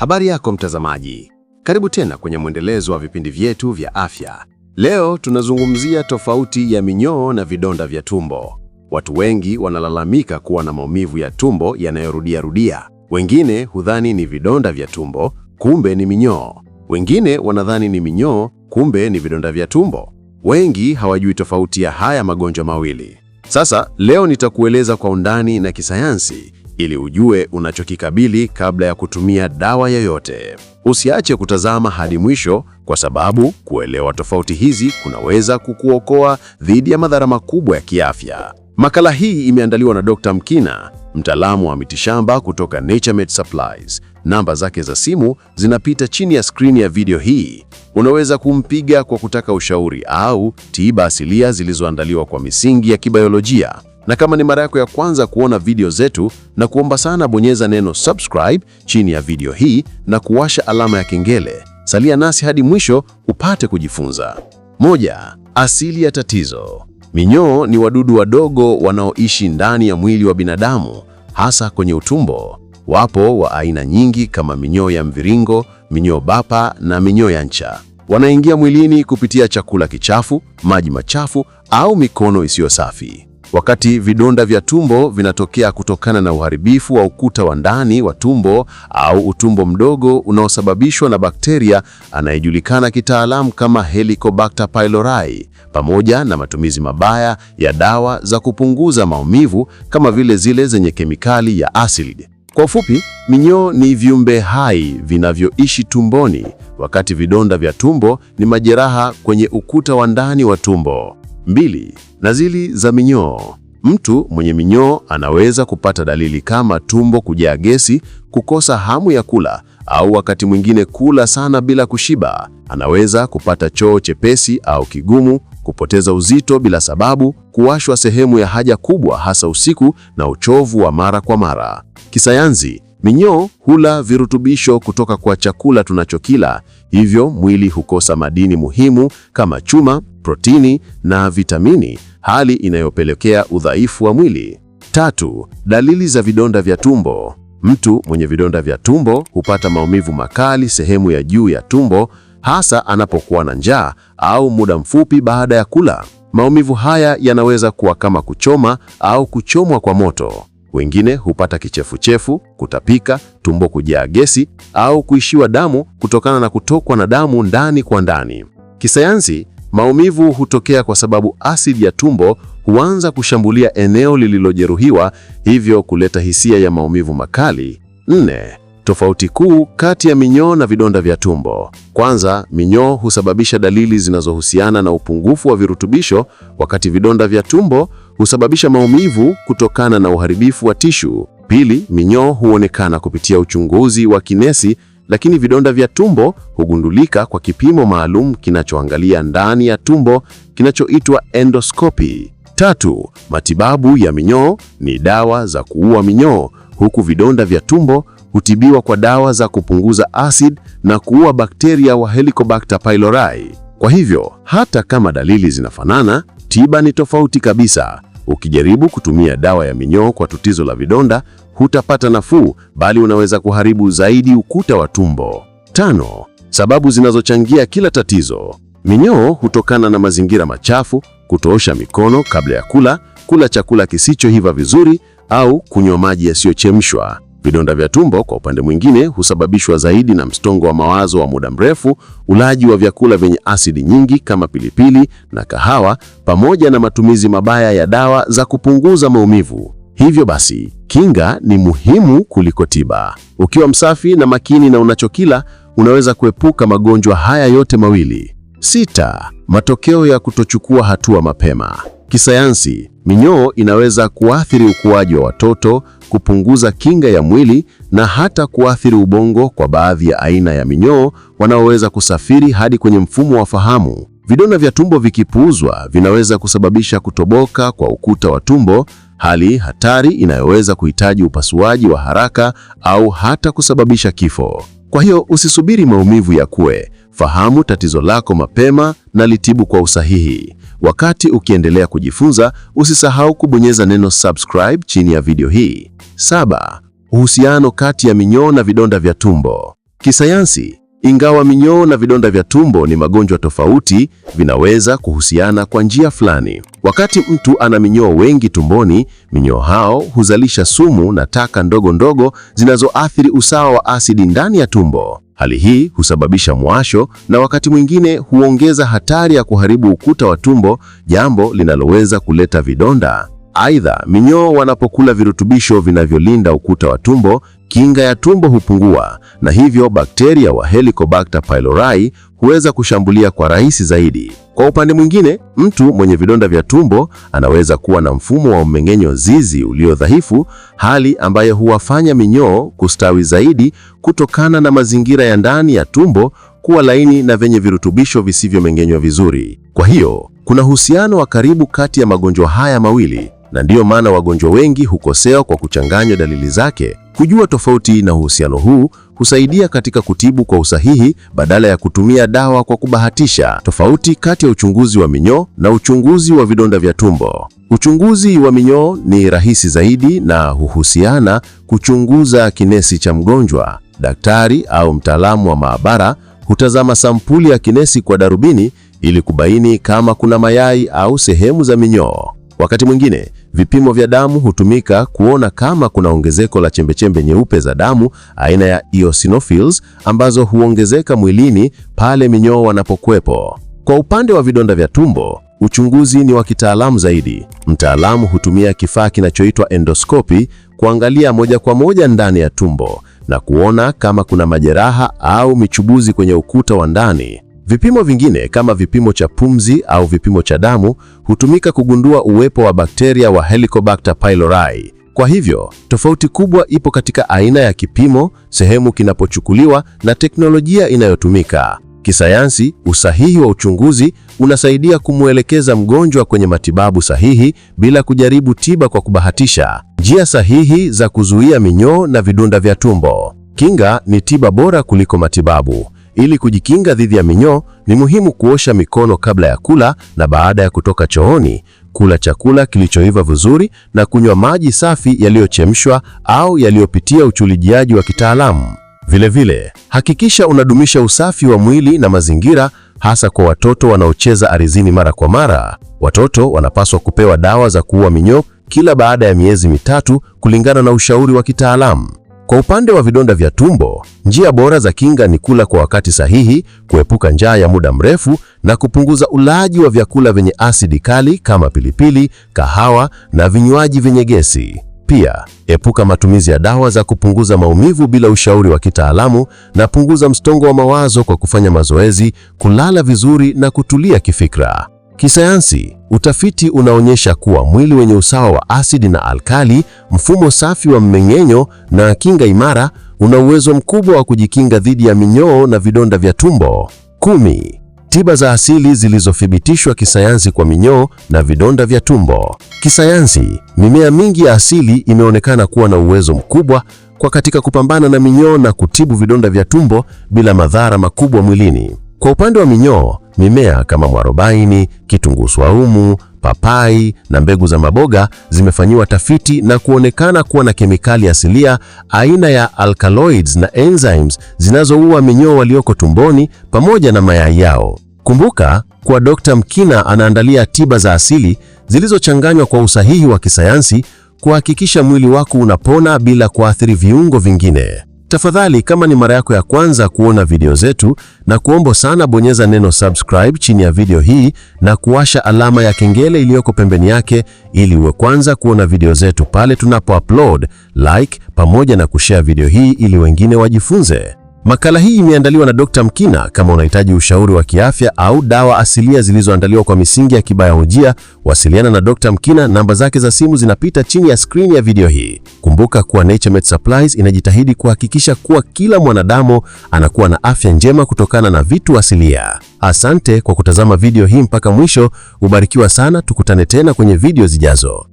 Habari yako mtazamaji, karibu tena kwenye mwendelezo wa vipindi vyetu vya afya. Leo tunazungumzia tofauti ya minyoo na vidonda vya tumbo. Watu wengi wanalalamika kuwa na maumivu ya tumbo yanayorudia rudia. Wengine hudhani ni vidonda vya tumbo, kumbe ni minyoo. Wengine wanadhani ni minyoo, kumbe ni vidonda vya tumbo. Wengi hawajui tofauti ya haya magonjwa mawili. Sasa leo nitakueleza kwa undani na kisayansi ili ujue unachokikabili kabla ya kutumia dawa yoyote. Usiache kutazama hadi mwisho, kwa sababu kuelewa tofauti hizi kunaweza kukuokoa dhidi ya madhara makubwa ya kiafya. Makala hii imeandaliwa na Dr. Mkina, mtaalamu wa mitishamba kutoka Naturemed Supplies. Namba zake za simu zinapita chini ya skrini ya video hii. Unaweza kumpiga kwa kutaka ushauri au tiba asilia zilizoandaliwa kwa misingi ya kibayolojia. Na kama ni mara yako ya kwanza kuona video zetu, na kuomba sana bonyeza neno subscribe chini ya video hii na kuwasha alama ya kengele. Salia nasi hadi mwisho upate kujifunza. Moja, asili ya tatizo. Minyoo ni wadudu wadogo wanaoishi ndani ya mwili wa binadamu, hasa kwenye utumbo. Wapo wa aina nyingi kama minyoo ya mviringo, minyoo bapa na minyoo ya ncha. Wanaingia mwilini kupitia chakula kichafu, maji machafu au mikono isiyo safi. Wakati vidonda vya tumbo vinatokea kutokana na uharibifu wa ukuta wa ndani wa tumbo au utumbo mdogo unaosababishwa na bakteria anayejulikana kitaalamu kama Helicobacter pylori, pamoja na matumizi mabaya ya dawa za kupunguza maumivu kama vile zile zenye kemikali ya asidi. Kwa ufupi, minyoo ni viumbe hai vinavyoishi tumboni, wakati vidonda vya tumbo ni majeraha kwenye ukuta wa ndani wa tumbo. Mbili, nazili za minyoo. Mtu mwenye minyoo anaweza kupata dalili kama tumbo kujaa gesi, kukosa hamu ya kula au wakati mwingine kula sana bila kushiba. Anaweza kupata choo chepesi au kigumu, kupoteza uzito bila sababu, kuwashwa sehemu ya haja kubwa hasa usiku na uchovu wa mara kwa mara. Kisayansi, Minyoo hula virutubisho kutoka kwa chakula tunachokila, hivyo mwili hukosa madini muhimu kama chuma, protini na vitamini, hali inayopelekea udhaifu wa mwili. Tatu, dalili za vidonda vya tumbo. Mtu mwenye vidonda vya tumbo hupata maumivu makali sehemu ya juu ya tumbo, hasa anapokuwa na njaa au muda mfupi baada ya kula. Maumivu haya yanaweza kuwa kama kuchoma au kuchomwa kwa moto. Wengine hupata kichefuchefu, kutapika, tumbo kujaa gesi au kuishiwa damu kutokana na kutokwa na damu ndani kwa ndani. Kisayansi, maumivu hutokea kwa sababu asidi ya tumbo huanza kushambulia eneo lililojeruhiwa, hivyo kuleta hisia ya maumivu makali. Nne, tofauti kuu kati ya minyoo na vidonda vya tumbo. Kwanza, minyoo husababisha dalili zinazohusiana na upungufu wa virutubisho, wakati vidonda vya tumbo husababisha maumivu kutokana na uharibifu wa tishu. Pili, minyoo huonekana kupitia uchunguzi wa kinesi, lakini vidonda vya tumbo hugundulika kwa kipimo maalum kinachoangalia ndani ya tumbo kinachoitwa endoskopi. Tatu, matibabu ya minyoo ni dawa za kuua minyoo, huku vidonda vya tumbo hutibiwa kwa dawa za kupunguza asidi na kuua bakteria wa Helicobacter pylori. Kwa hivyo, hata kama dalili zinafanana, tiba ni tofauti kabisa. Ukijaribu kutumia dawa ya minyoo kwa tatizo la vidonda, hutapata nafuu, bali unaweza kuharibu zaidi ukuta wa tumbo. Tano, sababu zinazochangia kila tatizo. Minyoo hutokana na mazingira machafu, kutoosha mikono kabla ya kula, kula chakula kisichohiva vizuri, au kunywa maji yasiyochemshwa. Vidonda vya tumbo kwa upande mwingine husababishwa zaidi na msongo wa mawazo wa muda mrefu, ulaji wa vyakula vyenye asidi nyingi kama pilipili na kahawa, pamoja na matumizi mabaya ya dawa za kupunguza maumivu. Hivyo basi, kinga ni muhimu kuliko tiba. Ukiwa msafi na makini na unachokila, unaweza kuepuka magonjwa haya yote mawili. Sita, matokeo ya kutochukua hatua mapema. Kisayansi, minyoo inaweza kuathiri ukuaji wa watoto, kupunguza kinga ya mwili na hata kuathiri ubongo kwa baadhi ya aina ya minyoo wanaoweza kusafiri hadi kwenye mfumo wa fahamu. Vidonda vya tumbo vikipuuzwa vinaweza kusababisha kutoboka kwa ukuta wa tumbo, hali hatari inayoweza kuhitaji upasuaji wa haraka au hata kusababisha kifo. Kwa hiyo usisubiri maumivu ya kue, fahamu tatizo lako mapema na litibu kwa usahihi. Wakati ukiendelea kujifunza, usisahau kubonyeza neno subscribe chini ya video hii. Saba, uhusiano kati ya minyoo na vidonda vya tumbo. Kisayansi, ingawa minyoo na vidonda vya tumbo ni magonjwa tofauti, vinaweza kuhusiana kwa njia fulani. Wakati mtu ana minyoo wengi tumboni, minyoo hao huzalisha sumu na taka ndogo ndogo zinazoathiri usawa wa asidi ndani ya tumbo. Hali hii husababisha mwasho na wakati mwingine huongeza hatari ya kuharibu ukuta wa tumbo, jambo linaloweza kuleta vidonda. Aidha, minyoo wanapokula virutubisho vinavyolinda ukuta wa tumbo, kinga ya tumbo hupungua na hivyo bakteria wa Helicobacter pylori huweza kushambulia kwa rahisi zaidi. Kwa upande mwingine, mtu mwenye vidonda vya tumbo anaweza kuwa na mfumo wa mmeng'enyo zizi ulio dhaifu, hali ambayo huwafanya minyoo kustawi zaidi kutokana na mazingira ya ndani ya tumbo kuwa laini na vyenye virutubisho visivyomeng'enywa vizuri. Kwa hiyo, kuna uhusiano wa karibu kati ya magonjwa haya mawili na ndiyo maana wagonjwa wengi hukosewa kwa kuchanganywa dalili zake. Kujua tofauti na uhusiano huu husaidia katika kutibu kwa usahihi badala ya kutumia dawa kwa kubahatisha. Tofauti kati ya uchunguzi wa minyoo na uchunguzi wa vidonda vya tumbo. Uchunguzi wa minyoo ni rahisi zaidi na huhusiana kuchunguza kinesi cha mgonjwa. Daktari au mtaalamu wa maabara hutazama sampuli ya kinesi kwa darubini ili kubaini kama kuna mayai au sehemu za minyoo. Wakati mwingine vipimo vya damu hutumika kuona kama kuna ongezeko la chembechembe nyeupe za damu aina ya eosinophils ambazo huongezeka mwilini pale minyoo wanapokuwepo. Kwa upande wa vidonda vya tumbo, uchunguzi ni wa kitaalamu zaidi. Mtaalamu hutumia kifaa kinachoitwa endoskopi kuangalia moja kwa moja ndani ya tumbo na kuona kama kuna majeraha au michubuzi kwenye ukuta wa ndani. Vipimo vingine kama vipimo cha pumzi au vipimo cha damu hutumika kugundua uwepo wa bakteria wa Helicobacter pylori. Kwa hivyo, tofauti kubwa ipo katika aina ya kipimo, sehemu kinapochukuliwa na teknolojia inayotumika. Kisayansi, usahihi wa uchunguzi unasaidia kumwelekeza mgonjwa kwenye matibabu sahihi bila kujaribu tiba kwa kubahatisha. Njia sahihi za kuzuia minyoo na vidonda vya tumbo. Kinga ni tiba bora kuliko matibabu. Ili kujikinga dhidi ya minyoo, ni muhimu kuosha mikono kabla ya kula na baada ya kutoka chooni, kula chakula kilichoiva vizuri na kunywa maji safi yaliyochemshwa au yaliyopitia uchulijiaji wa kitaalamu. Vilevile, hakikisha unadumisha usafi wa mwili na mazingira, hasa kwa watoto wanaocheza ardhini mara kwa mara. Watoto wanapaswa kupewa dawa za kuua minyoo kila baada ya miezi mitatu kulingana na ushauri wa kitaalamu. Kwa upande wa vidonda vya tumbo, njia bora za kinga ni kula kwa wakati sahihi, kuepuka njaa ya muda mrefu na kupunguza ulaji wa vyakula vyenye asidi kali kama pilipili, kahawa na vinywaji vyenye gesi. Pia, epuka matumizi ya dawa za kupunguza maumivu bila ushauri wa kitaalamu na punguza msongo wa mawazo kwa kufanya mazoezi, kulala vizuri na kutulia kifikra. Kisayansi, utafiti unaonyesha kuwa mwili wenye usawa wa asidi na alkali, mfumo safi wa mmeng'enyo na kinga imara una uwezo mkubwa wa kujikinga dhidi ya minyoo na vidonda vya tumbo. Kumi. Tiba za asili zilizothibitishwa kisayansi kwa minyoo na vidonda vya tumbo. Kisayansi, mimea mingi ya asili imeonekana kuwa na uwezo mkubwa kwa katika kupambana na minyoo na kutibu vidonda vya tumbo bila madhara makubwa mwilini. Kwa upande wa minyoo, mimea kama mwarobaini, kitunguu swaumu, papai na mbegu za maboga zimefanyiwa tafiti na kuonekana kuwa na kemikali asilia aina ya alkaloids na enzymes zinazoua minyoo walioko tumboni pamoja na mayai yao. Kumbuka kuwa Dr. Mkina anaandalia tiba za asili zilizochanganywa kwa usahihi wa kisayansi kuhakikisha mwili wako unapona bila kuathiri viungo vingine. Tafadhali, kama ni mara yako ya kwanza kuona video zetu, na kuomba sana bonyeza neno subscribe chini ya video hii na kuwasha alama ya kengele iliyoko pembeni yake, ili uwe kwanza kuona video zetu pale tunapo upload, like pamoja na kushare video hii ili wengine wajifunze. Makala hii imeandaliwa na Dr. Mkina. Kama unahitaji ushauri wa kiafya au dawa asilia zilizoandaliwa kwa misingi ya kibayolojia, wasiliana na Dr. Mkina. Namba zake za simu zinapita chini ya skrini ya video hii. Kumbuka kuwa Naturemed Supplies inajitahidi kuhakikisha kuwa kila mwanadamu anakuwa na afya njema kutokana na vitu asilia. Asante kwa kutazama video hii mpaka mwisho. Ubarikiwa sana, tukutane tena kwenye video zijazo.